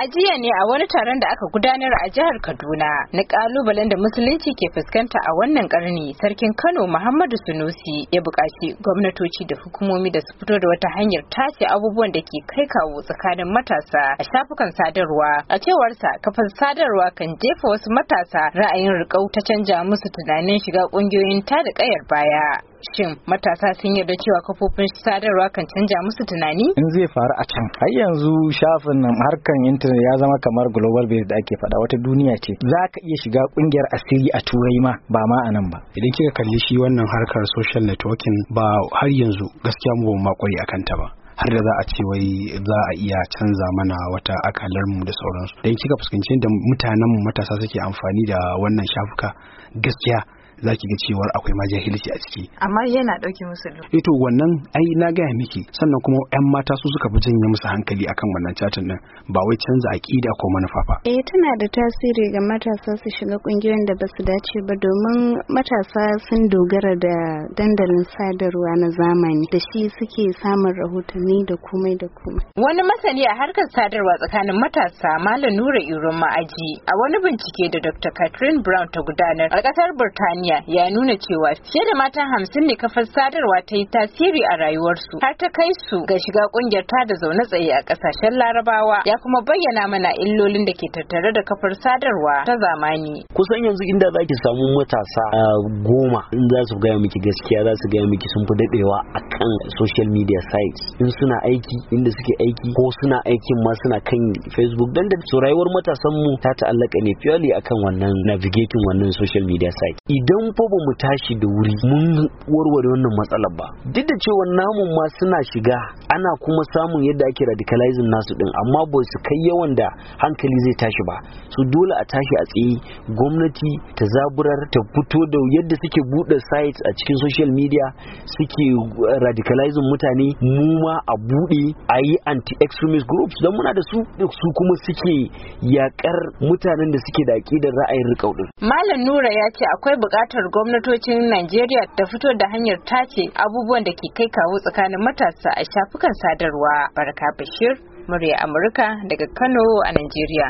A jiya ne a wani taron da aka gudanar a jihar Kaduna na kalubalen da musulunci ke fuskanta a wannan karni sarkin Kano Muhammadu Sunusi ya buƙaci gwamnatoci da hukumomi da su fito da wata hanyar tace abubuwan da ke kai kawo tsakanin matasa a shafukan sadarwa. A cewarsa kafin sadarwa kan jefa wasu matasa ra'ayin rikau ta canja musu tunanin shiga ƙungiyoyin tada ƙayar baya. shin matasa sun yarda cewa kafofin sadarwa kan canja musu tunani in zai faru a can har yanzu shafin harkan intanet ya zama kamar global base da ake faɗa wata duniya ce za ka iya shiga kungiyar asiri a turai ma ba ma a nan ba idan kika kalli shi wannan harkar social networking ba har yanzu gaskiya mu ba mu makwari akan ta ba har da za a ce wai za a iya canza mana wata akalar mu da sauransu dan kika fuskanci da mutanen mu matasa suke amfani da wannan shafuka gaskiya za ki ga cewa akwai ma jahilci a ciki amma yana dauke musu eh to wannan ai na gaya miki sannan kuma yan mata su suka fi janye musu hankali akan wannan chatin nan ba wai canza akida ko manufa ba eh tana da tasiri ga matasa su shiga ƙungiyoyin da basu dace ba domin matasa sun dogara da dandalin sadarwa na zamani da shi suke samun rahotanni da komai da komai wani masani a harkar sadarwa tsakanin matasa malam nura irin ma'aji a wani bincike da dr catherine brown ta gudanar a ƙasar burtaniya Kenya ya nuna cewa fiye da mata hamsin ne kafar sadarwa ta yi tasiri a rayuwarsu har ta kai su ga shiga kungiyar ta da zaune tsaye a kasashen larabawa ya kuma bayyana mana illolin da ke tattare da kafar sadarwa ta zamani. Kusan yanzu inda za ki samu matasa ah, goma in za su gaya miki gaskiya za su gaya miki sun fi daɗewa a kan social media sites in suna aiki inda suke aiki ko suna aikin ma suna kan facebook dan da su rayuwar matasan mu ta ta'allaka ne purely akan wannan navigating wannan social media site idan fa ba mu tashi da wuri mun warware wannan matsalar ba duk da cewa namun ma suna shiga ana kuma samun yadda ake radicalizing nasu din amma ba su kai yawan da hankali zai tashi ba su dole a tashi a tsaye gwamnati ta zaburar ta fito da yadda suke buɗe sites a cikin social media suke uh, radicalizing mutane mu ma a buɗe a yi anti-extremist groups don muna da su su kuma suke yakar mutanen da suke da aƙidar ra'ayin riƙau din. Malam Nura ya ce akwai buƙatar gwamnatocin Najeriya ta fito da hanyar tace abubuwan da ke kai kawo tsakanin matasa a shafukan sadarwa. Barka Bashir, murya Amurka daga Kano a Najeriya.